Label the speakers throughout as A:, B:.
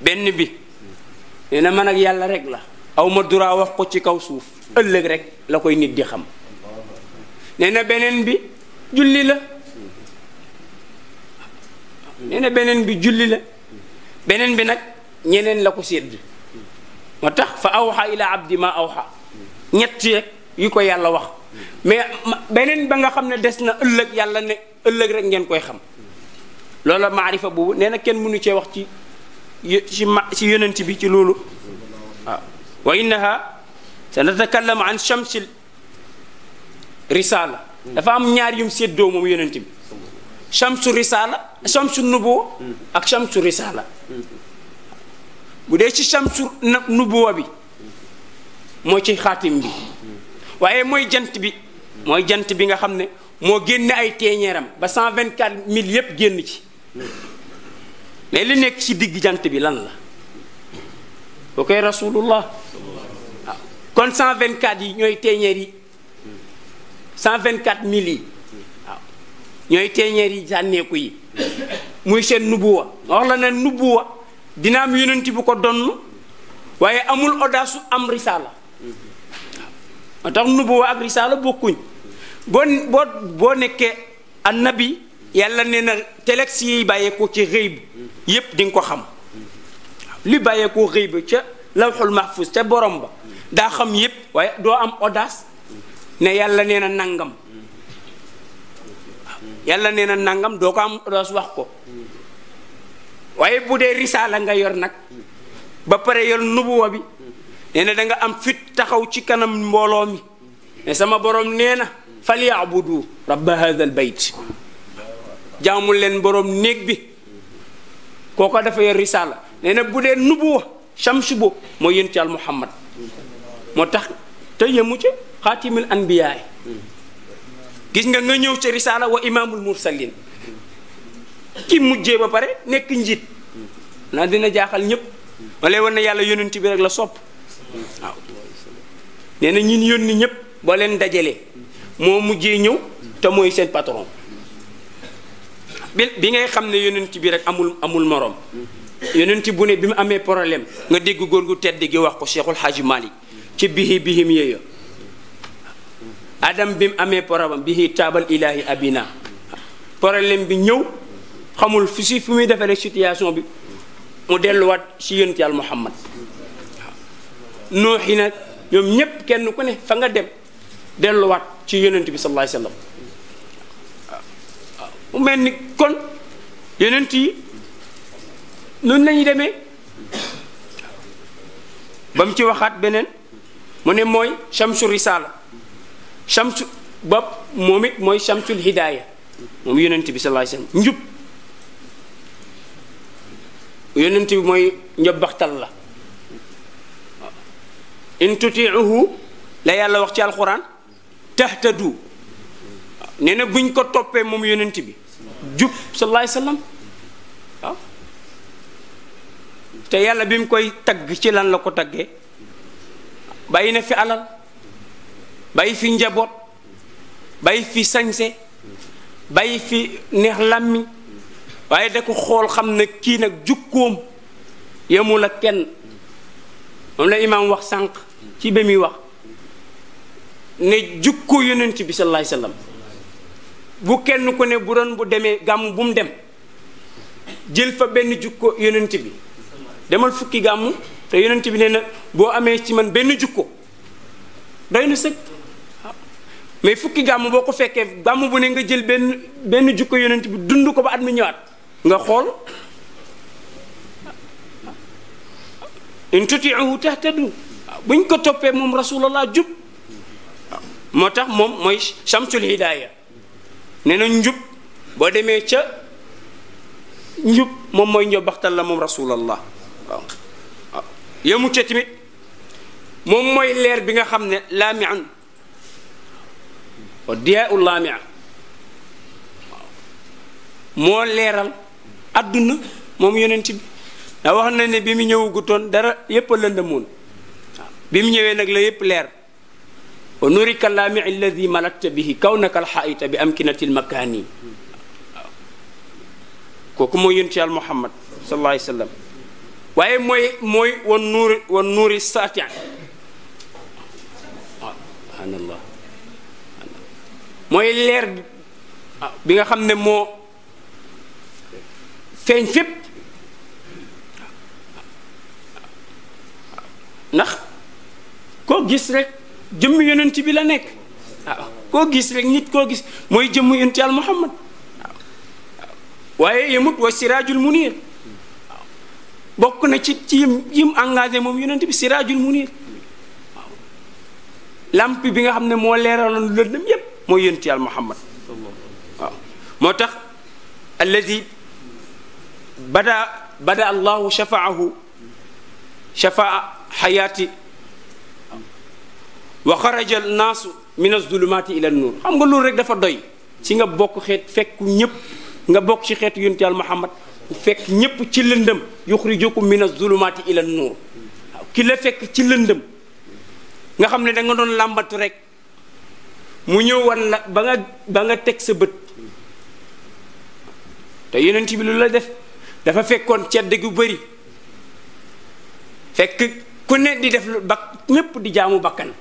A: benn bi nee na man ak yàlla rek la aw ma duraa wax ko ci kaw suuf ëllëg rek la koy nit di xam nee na beneen bi julli la nee beneen bi julli la beneen bi nag ñeneen la ko sédd moo tax fa awxa ila abdi ma awxa ñett rek yu ko yàlla wax mais beneen ba nga xam ne des na ëllëg yàlla ne ëllëg rek ngeen koy xam loola maarifa boobu nee kenn mënu cee wax ci ci ma ci yonent bi ci loolu waaw wa innaha sanatakallamu an shamsil risala dafa am ñaar yum séddoo moom yonent bi shamsu risala shamsu nubuwa ak shamsu risala bu dee ci shamsu nag nubuwa bi moo ci xaatim bi waaye mooy jant bi mooy jant bi nga xam ne moo génn ay téeñeeram ba vingt 124 mille yépp génn ci mais li nekk ci digg jant bi lan la boo koy ah. kon waaw kon 124 yi ñooy téeñeer yi 124 mille yi ah. ñooy téeñeer yi sànneeku yi muy seen nubuwa ma wax la ne nubuwa dina am yonent bu ko donn waaye amul audace am risaala waaw ah. moo tax nubuwa ak risaala bokkuñ boo boo boo nekkee annabi yàlla nee na telex yiy bàyyeekoo ci xëyb yépp dinga ko xam li bàyyeekoo xëyb ca lawxul mahfuz ca borom ba daa xam yépp waaye doo am odaas ne yàlla nee na nangam yàlla nee na nangam doo ko am audace wax ko waaye bu dee risaala nga yor nag ba pare yor nubuwa bi nee na da am fit taxaw ci kanam mbooloo mi ne sama borom nee na falyabudu rabba hadha al bayt jaamul leen borom néeg bi kooko dafa yor risaala nee na bu dee nubuwa shamsu bo mooy yénti yàlla muhammad moo tax te yemu ci xaatimil anbiyaay gis nga nga ñëw ci risaala wa imaamul mursalin ki mujjee ba pare nekk njiit naa dina jaaxal ñépp ma lay wan ne yàlla yonent bi rek la sopp waaw nee na ñin yónni ñépp boo leen dajalee moo mujjee ñëw te mooy seen patron bi bi ngay xam ne yonent bi rek amul amul moroom yonent bu ne bi mu amee problème nga dégg góor gu tedd gi wax ko Cheikhul Hadji Malick ci bihi bihim yéeya adam bi mu amee problème bihi taabal ilaahi abina problème bi ñëw xamul fi si fi muy defaree situation bi mu delluwaat ci yonent yàlla Muhammad nooxi nag ñoom ñépp kenn ku ne fa nga dem delluwaat ci yonent bi sallallahu alayhi wa sallam mu mel ni kon yonent yi noonu lañuy demee ba mu ci waxaat beneen mu ne mooy chamsu risala chamsu bopp moom it mooy chamsul hidaaya moom yonent bi sallallahu alayhi wasallam njub yonent mooy njobbaxtal la in la yàlla wax ci alquran tahtadu ne na buñ ko toppee moom yonent bi jub sallallahu alayhi te yàlla bi mu koy tagg ci lan la ko taggee bàyyi na fi alal bàyyi fi njaboot bàyyi fi sañse bàyyi fi neex làmmi waaye da ko xool xam ne kii nag jukkoom yemul ak kenn moom la imaam wax sànq ci ba muy wax ne jukko yonent bi sallallahu alayhi wasallam bu kenn ku ne bu bu demee gàmm bu mu dem jël fa benn jukko yonent bi demal fukki gàmm te yonent bi nee na boo amee ci man benn jukko doy na sëg mais fukki gàmm boo ko fekkee gàmm bu ne nga jël benn benn jukko yonent bi dund ko ba at mi ñëwaat nga xool in tutiuhu tahtadu buñ ko toppee moom rasulallah jub moo tax moom mooy chamsul hidaaya nee na njub boo demee ca njub moom mooy njobbaxtal la moom rasulallah waaw waaw yemu ca tamit moom mooy leer bi nga xam ne laamian wa diyaau laamia moo leeral àdduna moom yeneen bi ndax wax na ne bi mu ñëwagutoon dara yépp a lëndëmoon bi mu ñëwee nag la yépp leer wa nuri kalaami alladi malatta bihi kawnaka alxaayita bi amkinati almakaani waaw kooku mooy yonent Yàlla Muhammad sallallahu alayhi wa sallam waaye mooy mooy wan nuuri wan nuuri saati waaw subhaanallah mooy leer bi bi nga xam ne moo feeñ fépp ndax koo gis rek jëmm yonent bi la nekk koo gis rek nit koo gis mooy jëmm yonent yàlla Muhammad waaw waaye yemut wa siraajul munir bokk na ci ci yim engagé moom yonent bi siraajul munir waaw làmp bi nga xam ne moo leeraloon lëndëm yépp mooy yonent yàlla Muhammad moo tax alladi bada bada allahu shafaahu shafaa xayaati wa xaraja al naasu min az-zulumaati ila an-nuur xam nga loolu rek dafa doy ci nga bokk xeet fekk ñëpp nga bokk ci xeetu yonent Yàlla Muhammad fekk ñëpp ci lëndëm yuxrijukum min az-zulumaati ila an-nuur waaw ki la fekk ci lëndëm nga xam ne da doon làmbatu rek mu ñëw wan la ba nga teg sa bët te yonent bi lu la def dafa fekkoon cedd gu bëri fekk ku ne di def lu bak ñépp di jaamu bakkan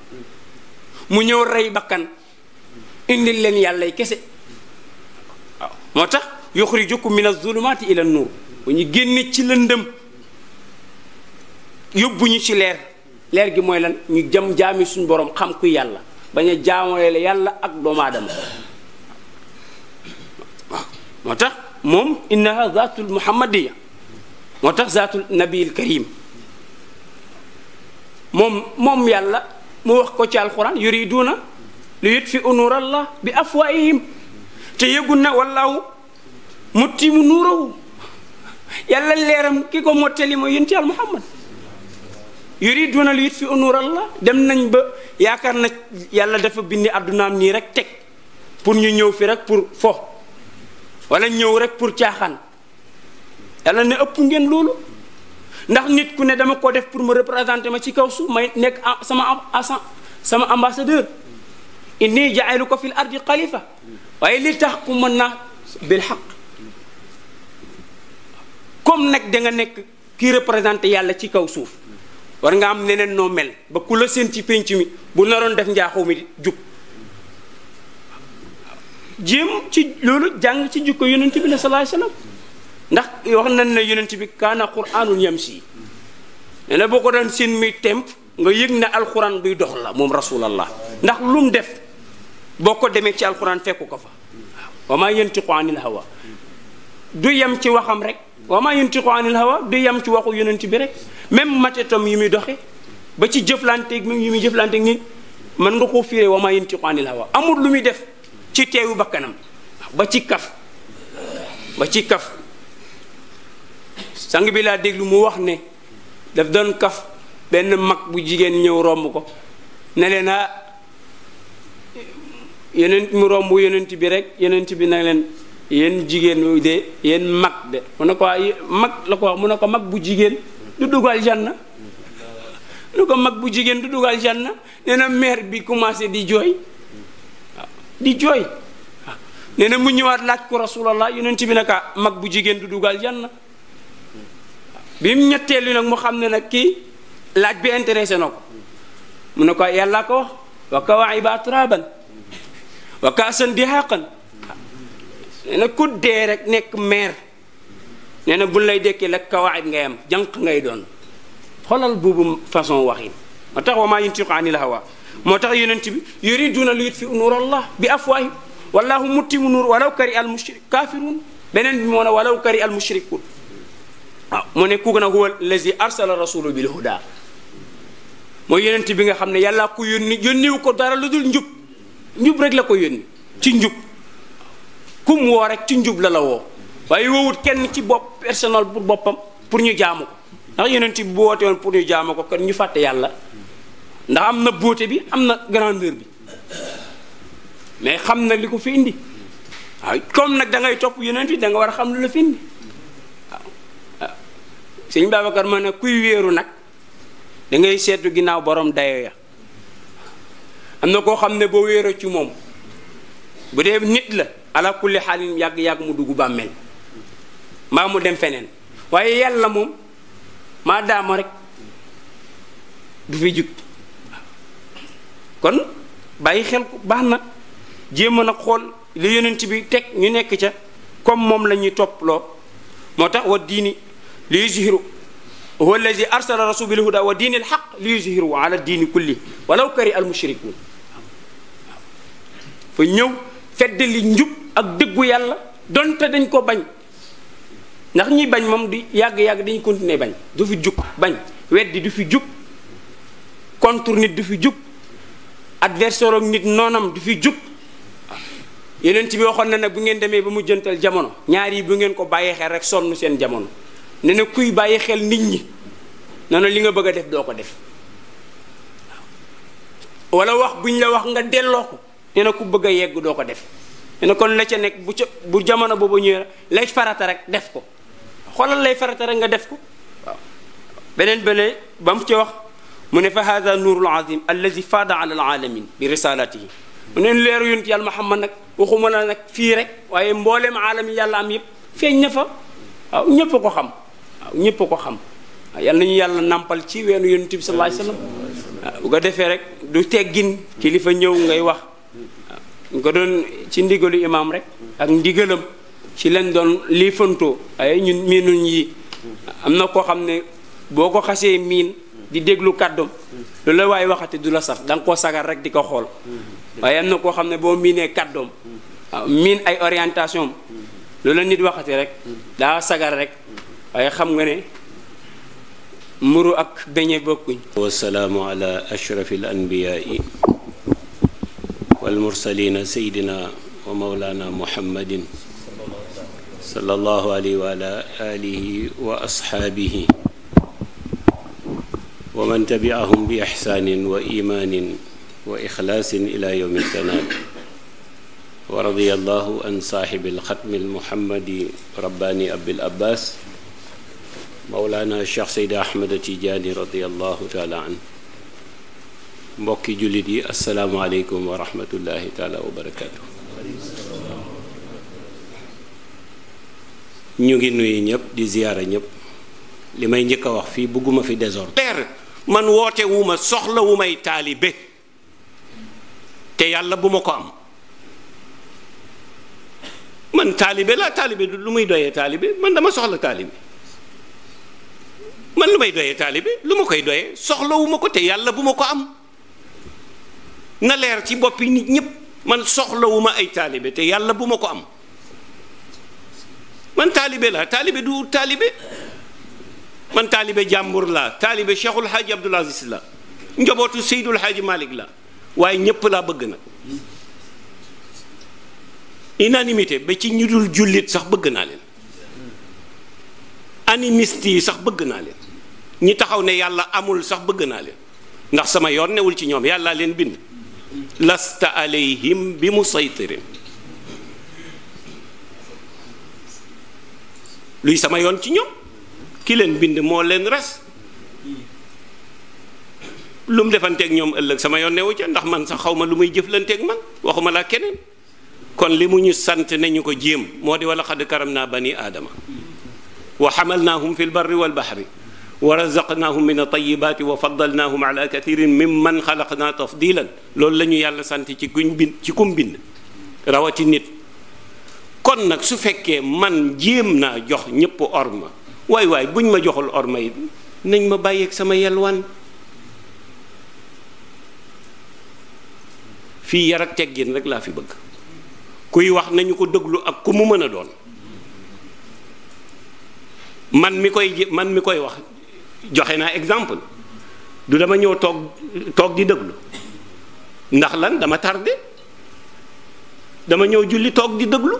A: mu ñëw rey bakkan indil leen yàlla yàllay kese moo tax yuxrijukum min azulumaati ila nuur bu ñu génne ci lëndëm yóbbu ñu ci leer leer gi mooy la ñu jëm jaami suñu borom xam ku yàlla bañ a jaamoole la yàlla ak doomu aadama moo tax moom innaha zaatul muhammadiya moo tax zaatul nabiyil karim moom moom yàlla mu wax ko ci alquran yuriduuna li yutfiu nuurallah bi afwaihim te yëgul na wallaahu muttimu nuurahu yàlla leeram ki ko mottali mooy yonent yàlla Muhammad yuriduuna li yutfiu nuurallah dem nañ ba yaakaar na yàlla dafa bindi àddunaam nii rek teg pour ñu ñëw fi rek pour fo wala ñëw rek pour caaxaan yàlla ne ëpp ngeen loolu ndax nit ku ne dama ko def pour ma représenter ma ci kaw suuf may nekk sama sama ambassadeur inni jaayilu ko fil ardi xalifa waaye li tax ku mën na bil xaq comme nag da nga nekk kii représenté yàlla ci kaw suuf war nga am neneen noo mel ba ku la seen ci pénc mi bu naroon def njaaxu mi jub jéem ci loolu jàng ci jukko yonent bi la sallallahu alayhi ndax wax nañ ne yonent bi kaana quraanun yamshi ne na boo ko doon sin mi nga yëg ne alxuraan buy dox la moom rasulallah ndax lu def boo ko demee ci alxuraan fekku ko fa waaw wa maa yantiqu anil hawa du yem ci waxam rek wa maa yantiqu anil hawa du yem ci waxu yonent bi rek même matetam yi muy doxe ba ci jëflanteeg mi yi muy jëflanteeg nit mën nga koo fiire wa maa yantiqu anil hawa amul lu muy def ci teewu bakkanam ba ci kaf ba ci kaf sang bi laa déglu mu wax ne daf doon kaf benn mag bu jigéen ñëw romb ko ne leen ah yonent mu romb yonent bi rek yonent bi nag leen yéen jigéen de yéen mag de mu ne ko ah, mag la ko wax mu ne ko mag bu jigéen du dugal janna lu ko mag bu jigéen du dugal janna na mère bi commencé di jooy di jooy nee na mu ñëwaat laaj ko rasulallah yonent bi naka ah, mag bu jigéen du dugal janna bi ñettee ñetteelu nag mu xam ne nag kii laaj bi intéressé na ko mu ne ko yàlla ko wax wa kawaa'iba atraaban wa kaasan dihaaqan nee na ku dee rek nekk meer ne na buñ lay dekkee la kawaayib ngay am jànq ngay doon xoolal boobu façon waxin moo tax wa maa yantiqu anil hawaa moo tax yonent bi yuriduuna liyutfi'u nuurallah bi afwaahihim wallaahu mutimmu nuur walaw kari al mushrik kaafiruun beneen bi moo ne walaw kari al mushrikuun waaw ah, mu ne kooku nag huwa lazi arsala bi bil huda mooy yonent bi nga xam ne yàllaa ko yónni yónniwu ko dara lu dul njub njub rek la ko yónni ci njub kum woo rek ci njub la la woo waaye woowut kenn ci bopp personnel pour boppam pour ñu jaamu ko ndax yonent bi bu woote woon pour ñu jaamu ko kon ñu fàtte yàlla ndax am na beauté bi am na grandeur bi mais xam na li ko fi indi waaw comme nag da ngay topp yonent bi da nga war a xam lu la fi indi sëñ Babacar ma ne kuy wéeru nag dangay ngay seetu ginnaaw borom dayo ya am na koo xam ne boo wéeroo ci moom bu dee nit la ala kulli yàgg-yàgg mu dugg bàmmeel mbaa mu dem feneen waaye yàlla moom maa daama rek du fi jug kon bàyyi xel ko baax na jéem a nag xool li yonent bi teg ñu nekk ca comme moom lañuy ñuy topploo moo tax wa diini li yuzhiru huwa alladi arsala rasulahu bil huda wa diini al haq li yuzhiru ala diini kulli walaw kari al mushrikun fa ñëw fedd li njub ak dëggu yàlla donte dañ ko bañ ndax ñi bañ moom di yàgg-yàgg dañuy continuer bañ du fi jug bañ weddi du fi jug contre nit du fi jug adversaire ak nit noonam du fi jug yeneen ci bi waxoon na nag bu ngeen demee ba mu jëntal jamono ñaar yi bu ngeen ko bàyyee xel rek sonn seen jamono ne na kuy bàyyi xel nit ñi ne li nga bëgg a def doo ko def walla wax buñ la wax nga delloo ko ne ku bëgg a yegg doo ko def ne na kon la ca nekk bu ca bu jamono boobu ñëwee lay farata rek def ko xoolal lay farata rek nga def ko beneen beneen ba mu ci wax mu ne fa hada nuurul azim allazi faada ala alaalamin bi risalatihi mu ne leeru yunt yàlla Muhammad nag nag fii rek waaye mbooleem aalam yàlla am yëpp feeñ na fa waaw ñëpp ko xam ñëpp a ko xam yal nañu yàlla nàmpal ci weenu yonent bi sallallahu alayhi bu ko defee rek du teggin kilifa ñëw ngay wax ñu ko doon ci ndigalu imaam rek ak ndigalam ci leen doon lii fantoo ay ñun miinuñ yi am na koo xam ne boo ko xasee miin di déglu kàddum lu la waaye waxati du la saf da koo sagar rek di ko xool waaye am na koo xam ne boo miinee kàddum miin ay orientation lu la nit waxati rek daa sagar rek waaye xam nga ne mburu ak beñe bokkuñ
B: wasalaamu ala ashrafi al anbiyaai wal mursalina sayidina wa mawlana muhammadin sallallahu alayhi wa ala alihi wa ashaabihi wa man tabiahum bi ixsaanin wa imaanin wa ixlaasin ila yowmi tanaal wa radiallahu an saaxibi alxatmi almuhammadi rabbaani abil abbaas mawlaana cheikh seyda ahmada tijaani radiallahu taala an mbokki jullit yi asalaamaaleykum wa rahmatullahi taala wa barakaatu ñu ngi nuyu ñëpp di ziyaara ñëpp li may njëkk a wax fii bëgguma fi désordre man woote wu soxla wu may taalibe te yàlla bu ma ko am man taalibe laa taalibe lu muy doye taalibe man dama soxla taalibe man lu may doyee taalibe lu ma koy doyee soxlawuma ko te yàlla bu ma ko am na leer ci boppi nit ñëpp man soxlawuma ay taalibe te yàlla bu ma ko am man taalibe la taalibe du taalibe man taalibe jàmbur laa taalibe cheikhul haaji abdul aziz la njobootu seydul haaji malik la waaye ñépp laa bëgg nag unanimité ba ci ñu dul jullit sax bëgg naa leen animiste yi sax bëgg naa leen ñi taxaw ne yàlla amul sax bëgg naa leen ndax sama yoon newul ci ñoom yàllaa leen bind lasta alayhim bi musaytirin luy sama yoon ci ñoom ki leen bind moo leen res lu mu defanteeg ñoom ëllëg sama yoon newu ca ndax man sax xaw ma lu muy jëflanteek man waxuma laa keneen kon li mu ñu sant nañu ko jéem moo di walla xadd karam naa bani aadama wa xamal naahum fi lbarri walbahri wa razaqnaahum min at-tayyibaati wa faddalnaahum ala man mimman xalaqnaa tafdilan loolu la ñu yàlla sant ci kuñ bind ci kum bind rawati nit kon nag su fekkee man jéem naa jox ñëpp orma waaye waay buñ ma joxul orma yi nañ ma bàyyeeg sama yelwaan fii yar ak rek laa fi bëgg kuy wax nañu ko déglu ak ku mu mën a doon man mi koy man mi koy wax joxe naa exemple du dama ñëw toog toog di déglu ndax lan dama tardé dama ñëw julli toog di déglu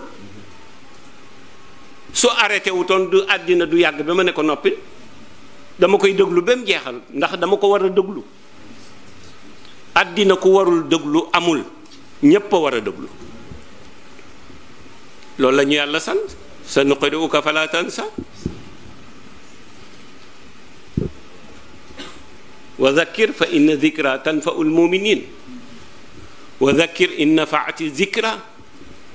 B: su arrêté wutoon du àddina du yàgg ba ma ne ko noppi dama koy déglu ba mu jeexal ndax dama ko war a déglu àddina ku warul dëglu amul ñépp a war a déglu loolu la yàlla sant sa nuqri'uka fala tansa wa dhakkir fa inna dhikra tanfa'u l-mu'minin wa dhakkir in nafaati dhikra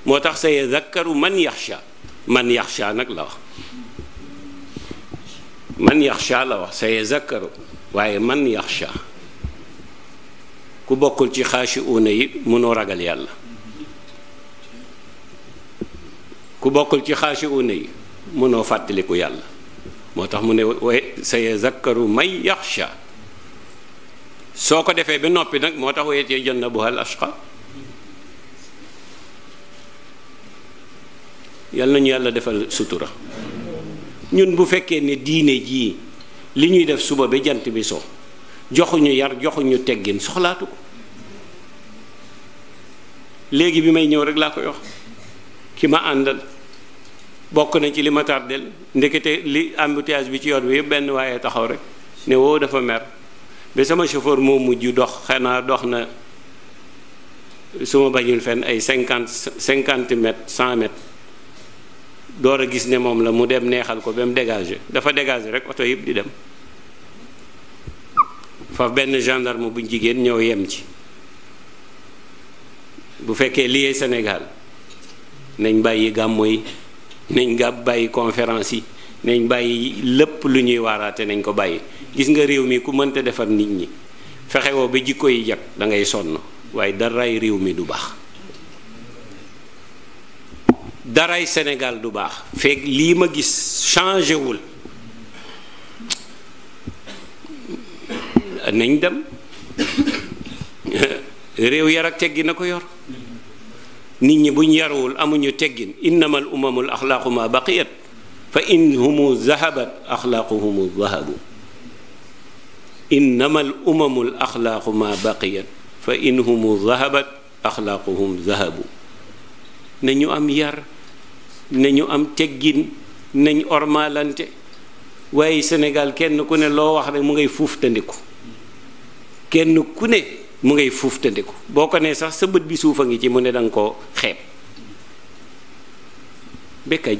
B: moo tax sa yadhakkaru man yaxsha man yaxsha nag la wax man yaxsha la wax sa yadhakkaru waaye man yaxsha ku bokkul ci xaashiuuna yi mënoo ragal yàlla ku bokkul ci xaashiuuna yi mënoo fàttaliku yàlla moo tax mu ne wa sa yadhakkaru man yaxsha soo ko defee ba noppi nag moo tax wayet yee jën na bu hal ashqa yal nañu yàlla defal sutura ñun bu fekkee ne diine jii li ñuy def suba bi jant bi so joxuñu yar joxuñu teggin soxlaatu ko léegi bi may ñëw rek laa koy wax ki ma àndal bokk na ci li ma tàrdel ndekete li embouteillage bi ci yoon bi yëpp benn waaye taxaw rek ne woo dafa mer bi sama chauffeur moo mujj dox xanaa dox na su ma bañul fenn ay cinquante cinquante mètres cent mètres door a gis ne moom la mu dem neexal ko ba mu dégager dafa dégager rek oto yëpp di dem fa benn gendarme buñ jigéen ñëw yem ci bu fekkee liyee Sénégal nañ bàyyi gàmmo yi nañ gàb bàyyi conférence yi nañ bàyyi lépp lu ñuy waaraate nañ ko bàyyi gis nga réew mi ku mënta defar nit ñi fexewoo ba jikko yi jag da sonn waaye daraay réew mi du baax daraay senegal du baax fekk lii ma gis changé wul nañ dem réew yar ak teggin na ko yor nit ñi buñ yaruwul amuñu teggin innamal umamul axlaaqu ma baqiyat fa in humu zahabat axlaaquhumu zahabu innama al umamu l ma baqiyat fa in humu zahabat axlaaquhum zahabu nañu am yar nañu am teggin nañ ormaalante waaye senegal kenn ku ne loo wax rek mu ngay fuuftandiku kenn ku ne mu ngay fuuftandiku boo ko nee sax sa bët bi suuf a ngi ci mu ne danga ko xeeb bekkañ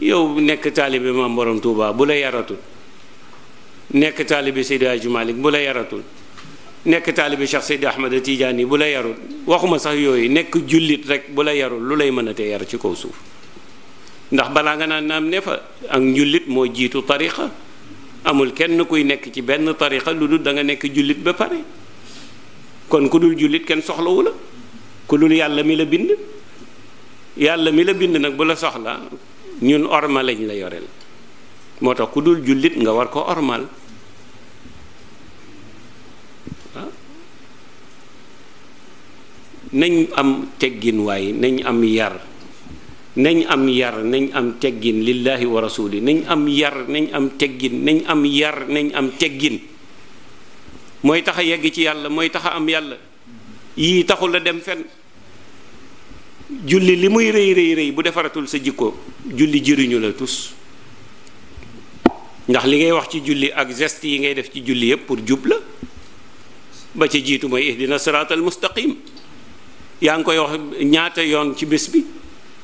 B: yow nekk taalibe maam borom Touba bu la yaratul nekk taalibe Seydi Hadji Malick bu la yaratul nekk taalibe Cheikh Seydi Ahmed Tidiane bu la yarul waxuma sax yooyu nekk jullit rek bu la yarul lu lay mën a te yar ci kaw suuf ndax balaa nga naan naam ne fa ak njullit moo jiitu tariqa amul kenn kuy nekk ci benn tariqa lu dul da nga nekk jullit ba pare kon ku dul jullit kenn soxlawu la ku dul yàlla mi la bind yàlla mi la bind nag bu la soxla ñun orma lañ la yoreel moo tax ku dul jullit nga war ko ormal ah. nañ am teggin waay nañ am yar nañ am yar nañ am teggin lillahi wa rasuli nañ am yar nañ am teggin nañ am yar nañ am teggin mooy tax a yegg ci yàlla mooy tax a am yàlla yii taxul a dem fenn julli li muy rëy rëy rëy bu defaratul sa jikko julli jëriñu la tus ndax li ngay wax ci julli ak gest yi ngay def ci julli yépp pour jub la ba ca jiitu mooy dina siraatal mustaqim yaa ngi koy wax ñaata yoon ci bis bi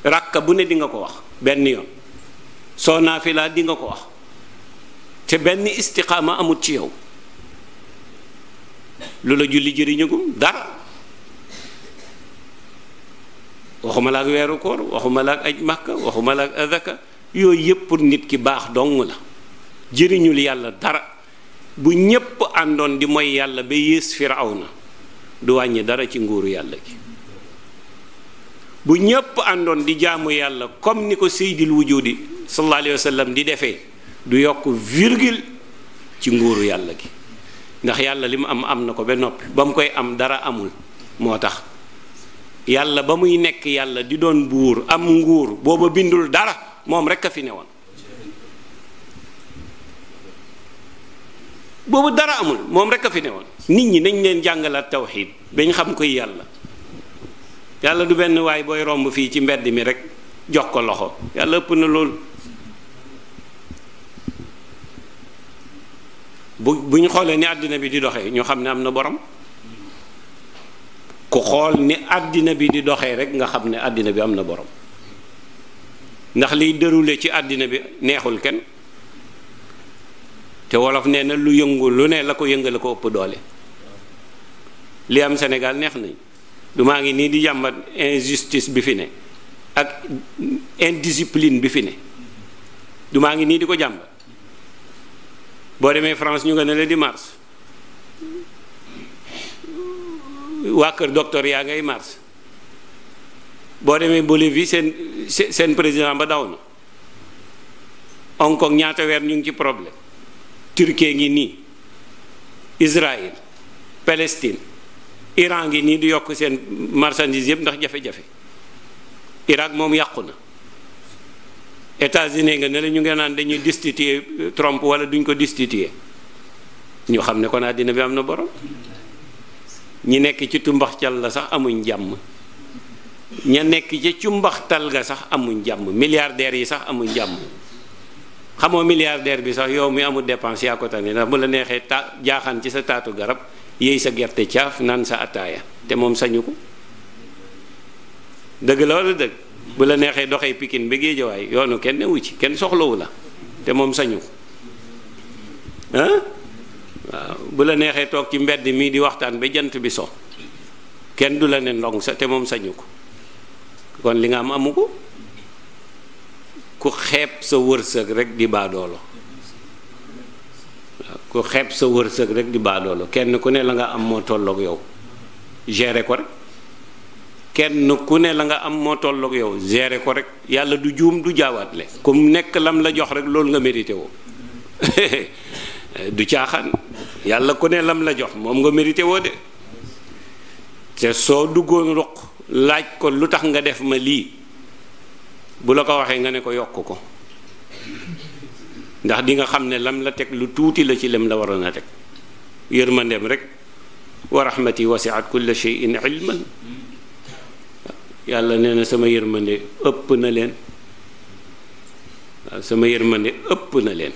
B: ràkka bu ne di nga ko wax benn yoon soo naafilaa di nga ko wax te benn istiqaama amut ci yow lu la julli jëriñagum dara waxuma la ak weeru koor waxuma la ak aj màkka waxuma ak azaka yooyu yëpp pour nit ki baax dong la jëriñul yàlla dara bu ñépp àndoon di mooy yàlla ba yées firawna du wàññi dara ci nguuru yàlla gi bu ñépp àndoon di jaamu yàlla comme ni ko seydil wujudi sallallahu alayhi di defee du yokk virgule ci nguuru yàlla gi ndax yàlla li am am na ko ba noppi ba mu koy am dara amul moo tax yàlla ba muy nekk yàlla di doon buur am nguur booba bindul dara moom rekk a fi ne woon boobu dara amul moom rekk a fi ne woon nit ñi dañ leen jàngalaat tawxiid bañ xam koy yàlla yàlla du benn waay booy romb fii ci mbedd mi rekk jox ko loxo yàlla ëpp na loolu bu bu ñu xoolee ni àddina bi di doxee ñoo xam ne am na borom ku xool ni àddina bi di doxee rek nga xam ne àddina bi am na borom ndax liy déroulé ci àddina bi neexul kenn te wolof nee na lu yëngu lu ne la ko yëngale ko ëpp doole li am Sénégal neex nañ du maa ngi nii di jàmbat injustice bi fi ne ak indiscipline bi fi ne du maa ngi nii di ko jàmbat boo demee France ñu nga ne la di mars waa kër docteur yaa ngay mars boo demee Bolivie seen seen président ba daw na Hong Kong ñaata weer ñu ngi ci problème Turquie ngi nii Israël Palestine Iran ngi nii di yokk seen marchandise yëpp ndax jafe-jafe Irak moom yàqu na États-Unis nga ne ñu ngi naan dañuy destituer Trump wala duñ ko destituer ñoo xam ne ko naa dina bi am na borom ñi nekk ci tumbaxtal la sax amuñ jàmm ña nekk ci cumbaxtal ga sax amuñ jàmm milliardaires yi sax amuñ jàmm xamoo milliardaire bi sax yow mi amul dépense yaa ko tane ndax la neexee ta jaaxaan ci sa taatu garab yéey sa gerte caaf naan sa ataaya te moom sañu ko dëgg la wala dëgg bu la neexee doxee pikin bi géejawaay yoonu kenn newu ci kenn soxlawu la te moom sañu ko waaw euh, bu la neexee toog ci mbedd mii di waxtaan ba jant bi so kenn du la ne ndong sa te moom sañu ko kon li nga am amu ko ku xeeb sa wërsëg rek di baadoolo waaw ku xeeb sa wërsëg rek di baadoolo kenn ku ne la nga am moo tolloog yow gere ko rek kenn ku ne la nga am moo tolloog yow gérer ko rek yàlla du juum du jaawaatle ku nekk lam la jox rek loolu nga mérité woo Eh, du caaxaan yàlla ku ne lam la jox moom nga mérité woo de te soo duggoon ruq laaj ko lu tax nga def ma lii bu la ko waxee nga ne ko yokk ko ndax di nga xam ne lam la teg lu tuuti la ci lem la waroon a teg yërmandeem rek wa rahmati wasiat kulla shay'in ilman yàlla nee na sama yërmande ëpp na leen waaw sama yërmande ëpp na leen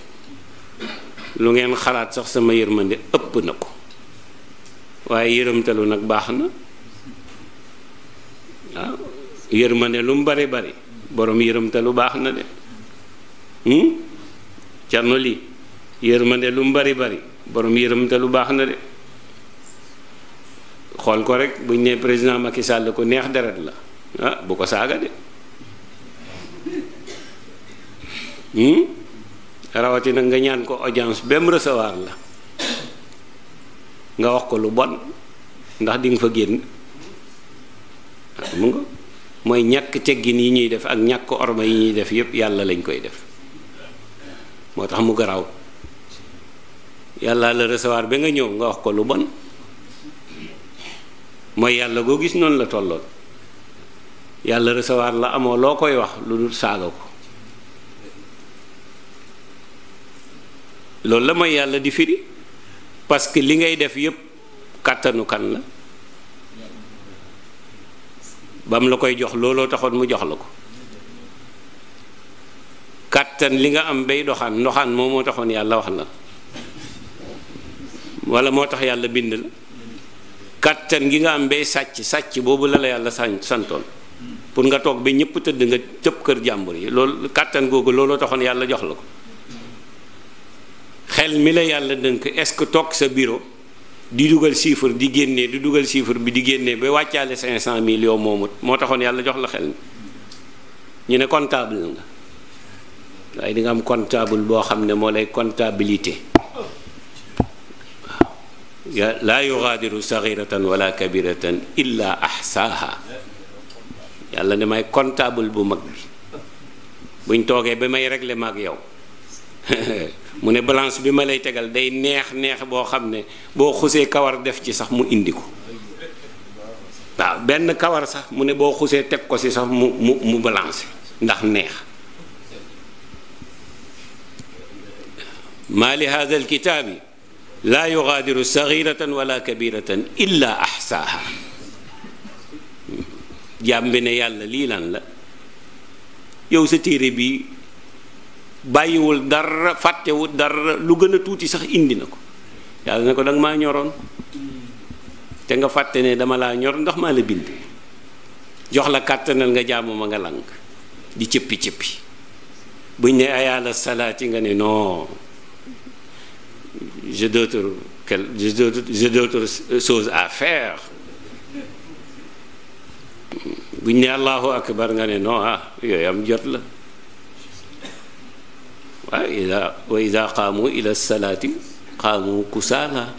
B: lu ngeen xalaat sax sama yërmande ëpp na ko waaye yërëmtalu nag baax na waaw ah, yërmande lu mu bari bari borom yërëmtalu baax na de hmm? carno lii yërmande lu mu bari bari borom yërëmtalu baax na xool ko rek buñ ne président Macky Sall ko neex deret la ah, bu ko saaga de hmm? rawatina nga ñaan ko audience ba mu la nga wax ko lu bon ndax di fa génn ah, mu nga mooy ñàkk teggin yi ñuy def ak ñàkk orma yi ñuy def yépp yàlla lañ koy def moo tax mu garaw yàlla la recevoir ba nga ñëw nga wax ko lu bon mooy yàlla goo gis noonu la tolloon yàlla recevoir la amoo loo koy wax lu dul saaga ko loolu la mooy yàlla di firi parce que li ngay def yépp kàttanu kan la ba mu la koy jox looloo taxoon mu jox la ko kàttan li nga am bay doxaan ndoxaan moo moo taxoon yàlla wax la wala moo tax yàlla bind la kàttan gi nga am bay sàcc sàcc boobu la la yàlla sañ santoon pour nga toog bi ñëpp tëdd nga tëb kër jàmbur yi loolu kàttan googu looloo taxoon yàlla jox la ko xel mi la yàlla dënk est-ce toog sa biro di dugal chiffre di génne di dugal chiffre bi di génnee ba wàccaale cinq cent mille yow moo taxoon yàlla jox la xel mi ñu ne comptable nga waaye di am comptable boo xam ne moo lay comptabilité waaw laa yugaadiru saxiratan wala kabiratan illa ahsaaha yàlla ne comptable bu mag bi buñ toogee ba may régler maag yow mu ne balance bi ma lay tegal day neex neex boo xam ne boo xusee kawar def ci sax mu indi ko waaw benn kawar sax mu ne boo xusee teg ko ci sax mu mu mu balance ndax neex maa li hada alkitaabi laa illa axsaaha jàmbi ne yàlla lii lan la yow sa téere bi bàyyiwul dara fàttewul dara lu gën a tuuti sax indi na ko yàlla ne ko da maa ñoroon te nga fàtte ne dama laa ñor ndax maa la bind jox la kàttanal nga jaamu ma nga lang di cëppi cëppi buñ ne ayaala salaati nga ne non j'ai d'autres j'ai d'autres choses à faire buñ ne allahu akbar nga ne non ah yooyu am jot la waaw ida wa ida qaamu ila salaati qaamu kusaala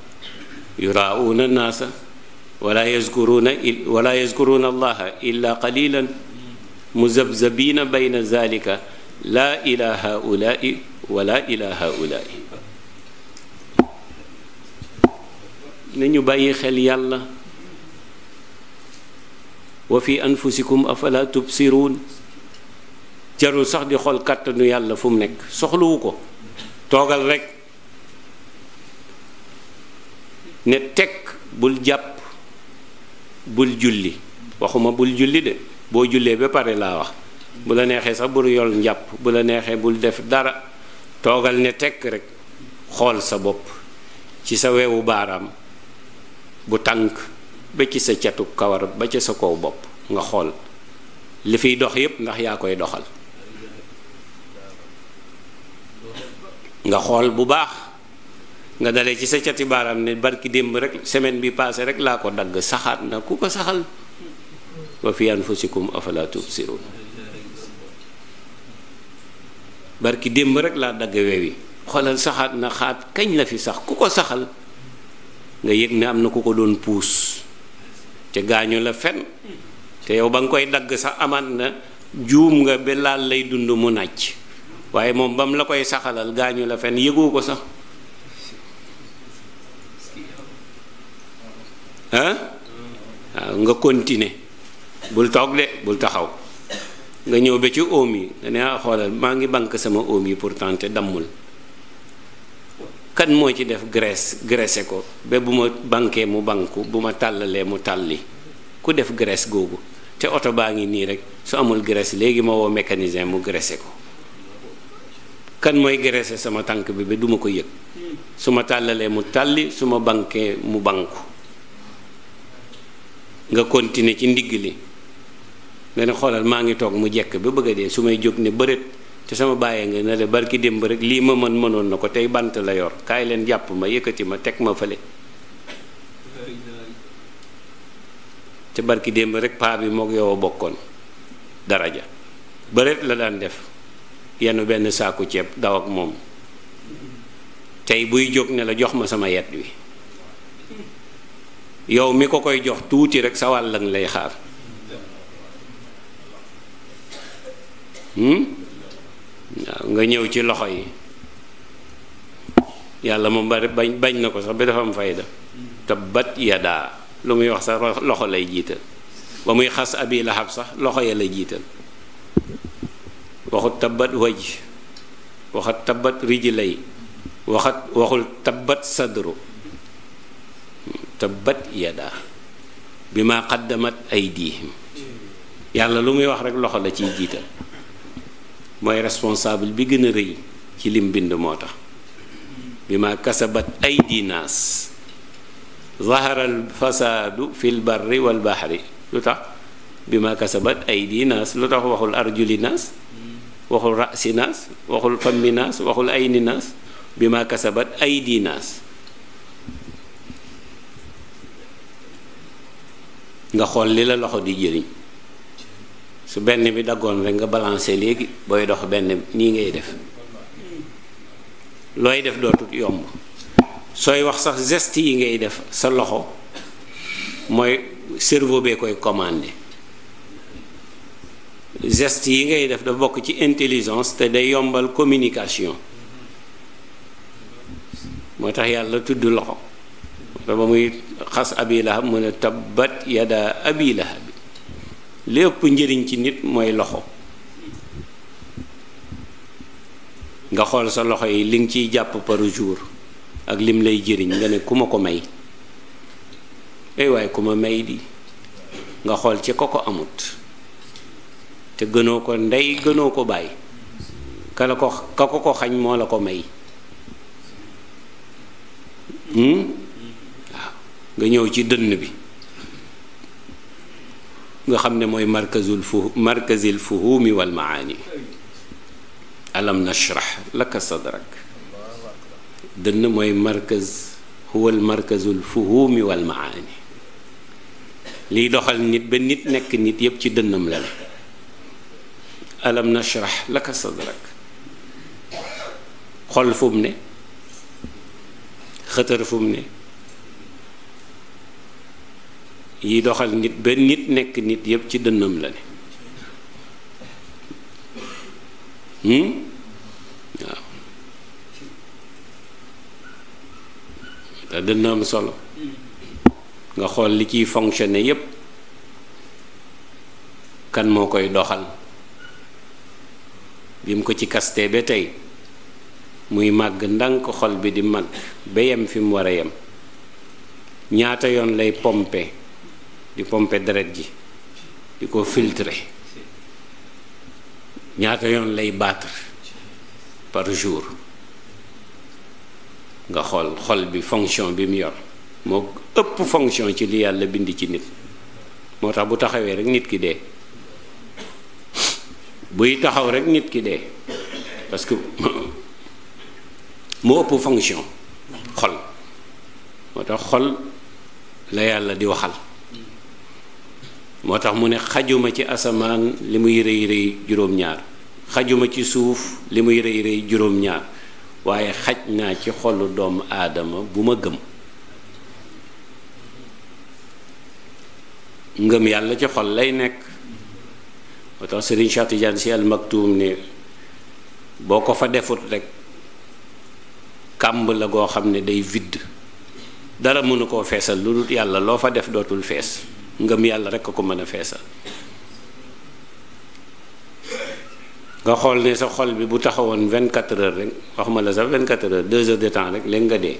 B: yuraauuna naasa wala yazkuruuna wala yazkuruuna allaha illa qalilan muzabzabiina bayna zalika laa ila haulaai wala ila haulaai nañu bàyyi xel yàlla wa fi anfusikum afala tubsiruun jarul sax di xol kàttanu yàlla fu mu nekk soxlawu ko toogal rekk ne tekk bul jàpp bul julli waxuma bul julli de boo jullee ba pare laa wax bu la neexee sa bul yor njàpp bu la neexee bul def dara toogal ne tekk rekk xool sa bopp ci sa wewu baaraam bu tànk ba ci sa catu kawar ba ca sa kaw bopp nga xool li fiy dox yépp ndax yaa koy doxal nga xool bu baax nga dalee ci sa cati baaraam ne barki démb rek semaine bi passé rek laa ko dagg saxaat na ku ko saxal wa fi anfusikum afala tubsirun barki démb rek laa dagg weew yi xoolal saxaat na xaat kañ la fi sax ku ko saxal nga yëg ni am na ku ko doon puus te gaañu la fen te yow ba nga koy dagg sax amaat na juum nga ba laal lay dund mu nàcc waaye moom ba mu la koy saxalal gaañu la fenn yëgoo ko sax ah waaw nga continé bul toog de bul taxaw nga ñëw ba ci oom yi nga ne ah, xoolal maa ngi bank sama oom yi pourtant te dammul kan moo ci def graisse graissé ko ba bu ma bankee mu banku bu ma tàllalee mu tàlli ku def graisse googu te oto baa ngi nii rek su amul graisse léegi ma woo mécanicien mu graissé ko kan mooy graisser sama tànk bi ba duma ko yëg su ma tàllalee mu tàlli suma ma mu bànku nga continuer ci ndigg li nga ne xoolal maa ngi toog mu jekk ba bëgg a dee su may jóg ne bërét te sama bàyyee nga ne la barki démb rek lii ma mën mënoon na ko tey bant la yor kaay leen jàpp ma yëkkati ma teg ma fële te barki démb rek paa bi mook yow a bokkoon daraja bëreet la daan def yenu benn saaku ceeb daw ak moom tey buy jóg ne la jox ma sama yet wi yow mi ko koy jox tuuti rek sa wàll lañ lay xaar hmm? waaw nga ñëw ci loxo yi yàlla moom bari bañ bañ na ko sax bi dafa am fayda tabbat yadaa lu muy wax sax loxo lay jiital ba muy xas abi lahab sax loxo ya lay jiital waxut tabbat waj waxat tabbat rijlay waxat waxul tabbat sadru tabbat yada bi ma qaddamat aydihim yàlla lu muy wax rek loxo la ciy jiital mooy responsable bi gën a rëy ci lim bind moo tax bi ma kasabat aydi naas zahara al fasaadu fil barri lu tax bi ma kasabat aydi naas lu tax waxul arjuli naas waxul rasi naas waxul fammi naas waxul ayni naas bi ma kasabat aydi nga xool li la loxo di jëriñ su benn bi daggoon rek nga balancé léegi booy dox benn nii ngay def looy def dootut yomb sooy wax sax geste yi ngay def sa loxo mooy cerveau bee koy commandé geste yi ngay def dafa bokk ci intelligence te day yombal communication moo tax yàlla tudd loxo ba muy xas abi lahab mu ne tabbat yada abi lahab li ëpp njëriñ ci nit mooy loxo nga xool sa loxo yi li nga ciy jàpp par jour ak lim lay jëriñ nga ne ku ma ko may ay eh waaye ku ma may di nga xool ci ko ko amut te gënoo ko ndey gënoo ko bàyyi ka la ko ka ko ko xañ moo la ko may hmm? waaw nga ñëw ci dënn bi nga xam ne mooy markazul fu fuhumi wal maani alam nashrah laka sadrak dënn mooy markaz huwa markazul fuhumi wal maani liy doxal nit ba nit nekk nit yépp ci dënnam la la alam nashrah laka sadrak xol fu ne xëtër fu ne yi doxal nit ba nit nekk nit yépp ci dënnam la ne hmm? waaw te solo nga xool li ciy fonctionné yépp kan moo koy doxal bi mu ko ci kaste ba tey muy màgg ndànk xol bi di màgg ba yem fi mu war a yem ñaata yoon lay pompe di pompe deret ji di ko filtre ñaata yoon lay battre par jour nga xool xol bi fonction bi mu yor moo ëpp fonction ci li yàlla bind ci nit moo tax bu taxawee rek nit ki dee buy taxaw rekk nit ki de parce que moo ëpp fonction xol moo tax xol la yàlla di waxal moo tax mu ne xajuma ci asamaan li muy rëy rëy juróom-ñaar xajuma ci suuf li muy rëy rëy juróom-ñaar waaye xaj naa ci xolu doomu aadama bu ma gëm ngëm yàlla ci xol lay nekk moo tax Serigne Cheikh Tidiane Sy ne boo ko fa defut rek kàmb la goo xam ne day vidd dara mënu koo feesal lu dul yàlla loo fa def dootul fees ngëm yàlla rek a ko mën a feesal nga xool ne sa xol bi bu taxawoon vingt quatre heures rek waxuma la sax vingt quatre heures deux heures de temps rek léegi nga dee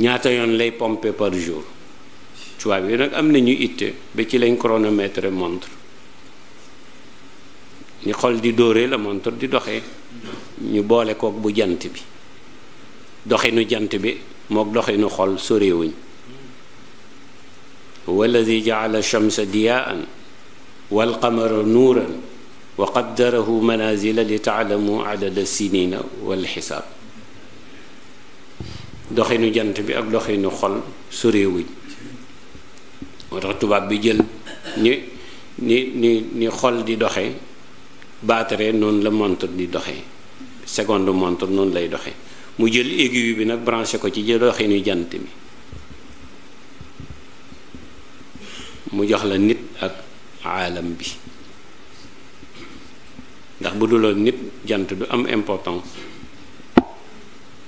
B: ñaata yoon lay pomper par jour tubaab yi nag am nañu itte ba ci lañ chronomètre montre ni xol di dóoree la montre di doxee ñu boole kook bu jant bi doxinu jant bi mook doxinu xol sorewuñ walladi jaala shamsa diyaan wal qamara nuuran wa qaddarahu manazila li taalamu adada sinina wal xisaab doxinu jant bi ak doxinu xol sorewuñ moo tax tubaab bi jël ni ni ni ni xol di doxe baataree noonu la montre di doxe seconde montre noonu lay doxe mu jël aiguille bi nag branché ko ci doxinu jant bi mu jox la nit ak aalam bi ndax bu duloon nit jant du am important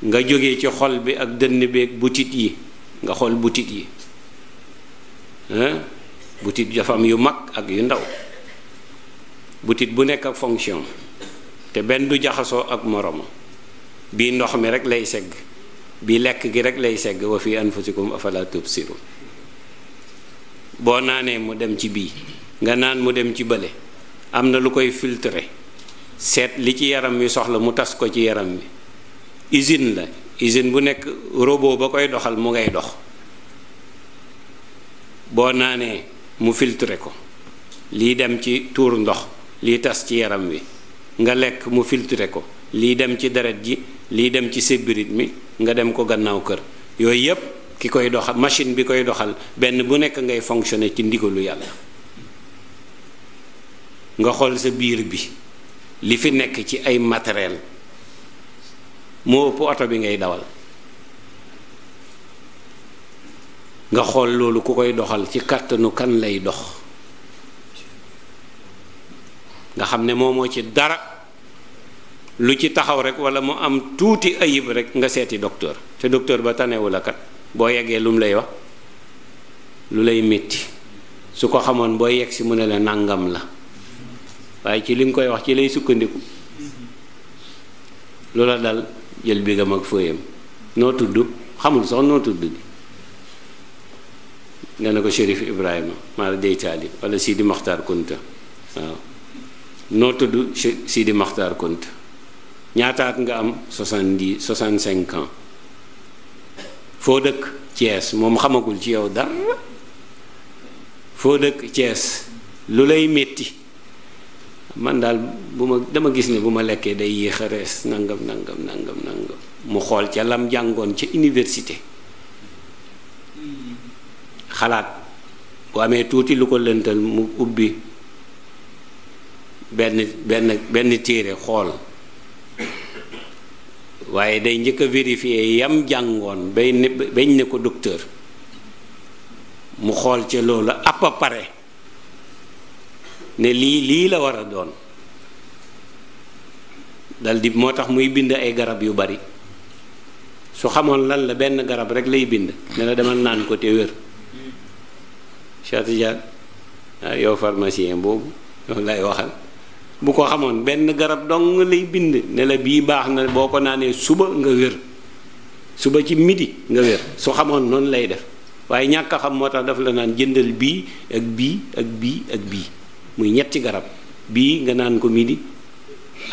B: nga jóge ci xol bi ak dënn beeg butit yi nga xool butit yi butit dafa am yu mag ak yu ndaw butit bu nekk ak fonction te benn du jaxasoo ak moroom bii ndox mi rek lay segg bi lekk gi rek lay segg wa fi anfusikum afala tubsirun boo naanee mu dem ci bii nga naan mu dem ci bële am na lu koy filtre seet li ci yaram wi soxla mu tas ko ci yaram wi usine la usine bu nekk robo ba koy doxal mu ngay dox boo naanee mu filtre ko lii dem ci tuur ndox lii tas ci yaram wi nga lekk mu filtre ko lii dem ci deret ji lii dem ci sébbirit mi nga dem ko gannaaw kër yooyu yépp ki koy doxal machine bi koy doxal benn bu nekk ngay fonctionner ci ndigalu yàlla nga xool sa biir bi li fi nekk ci ay matériel moo ëpp oto bi ngay dawal nga xool loolu ku koy doxal ci kàttanu kan lay dox nga xam ne moo moo ci dara lu ci taxaw rek wala mu am tuuti ayib rek nga seeti docteur te docteur ba tanewu la kat boo yeggee lu lay wax lu lay metti su ko xamoon boo yegg si mu ne la nangam la waaye ci li nga koy wax ci lay sukkandiku loola dal jël bigam ak fëyam noo tudd xamul sax noo tudd bi nga ne ko Chérif Ibrahima maa la deytaali wala Sidi Maxtaar Kunta waaw noo tudd Sidi Maxtaar Kunta ñaataat nga am soixante-dix soixante-cinq ans foo dëkk Thiès moom xamagul ci yow dara foo dëkk Thiès lu lay metti man daal bu ma dama gis ne bu ma lekkee day yéex rees nangam nangam nangam nangam mu xool ca lam jàngoon ca université xalaat bu amee tuuti lu ko lëntal mu ubbi benn benn benn téere xool waaye day njëkk a vérifier yam jàngoon bay ne bañ ne ko docteur mu xool ca loolu àpp pare ne lii lii la war a doon daldi moo tax muy bind ay garab yu bari su xamoon lan la benn garab rek lay bind ne la demal naan ko te wér Cheikh Tidiane yow pharmacien boobu yow lay waxal bu ko xamoon benn garab dong lay bind ne la bii baax na boo ko naanee suba nga wér suba ci midi nga wér su xamoon noonu lay def waaye ñàkk xam moo tax daf la naan jëndal bii ak bii ak bii ak bii muy ñetti garab bii nga naan ko midi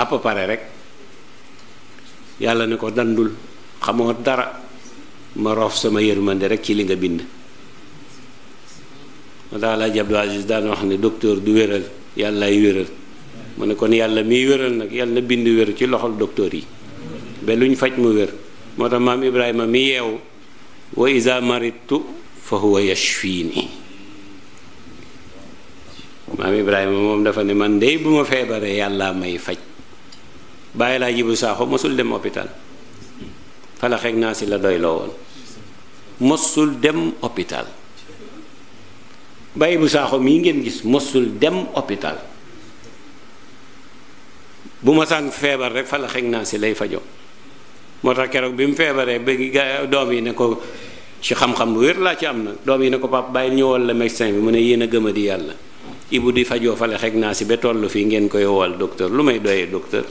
B: àpp pare rek yàlla ne ko dandul xamoo dara ma roof sama yërmande rek ci li nga bind moo tax Alaaji Abdou Aziz daan wax ne doktoor du wéral yàllaay wéral mu ne kon yàlla miy wéral nag yàlla bind wér ci loxol doktoor yi ba luñ faj mu wér moo tax maam Ibrahima mi yeewu wa iza maritu fa huwa yashfini maam Ibrahima moom dafa ne man dey bu ma feebaree yàllaa may faj bàyyi laa jibu saaxo mosul dem hôpital falaxeeg naa si la doy loo woon mosul dem hôpital bàyyi bu saaxo mii ngeen gis mosul dem hôpital bu ma saan feebar rek fa la xeg si lay fajo moo tax keroog bi mu feebaree ba gaa doom yi ne ko ci xam-xam bu wér laa ci am nag doom yi ne ko pap bàyyi ñëwal la médecin bi mu ne yéen a gëma di yàlla ibu di fajoo fale xeg naa si ba toll fii ngeen koy wowal docteur lu may doyee docteur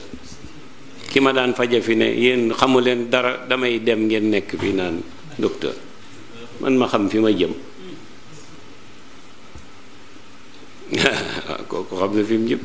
B: ki ma daan faja fi ne yéen xamu leen dara damay dem ngeen nekk fi naan docteur man ma xam fi ma jëm waaw kooku xam ne fi mu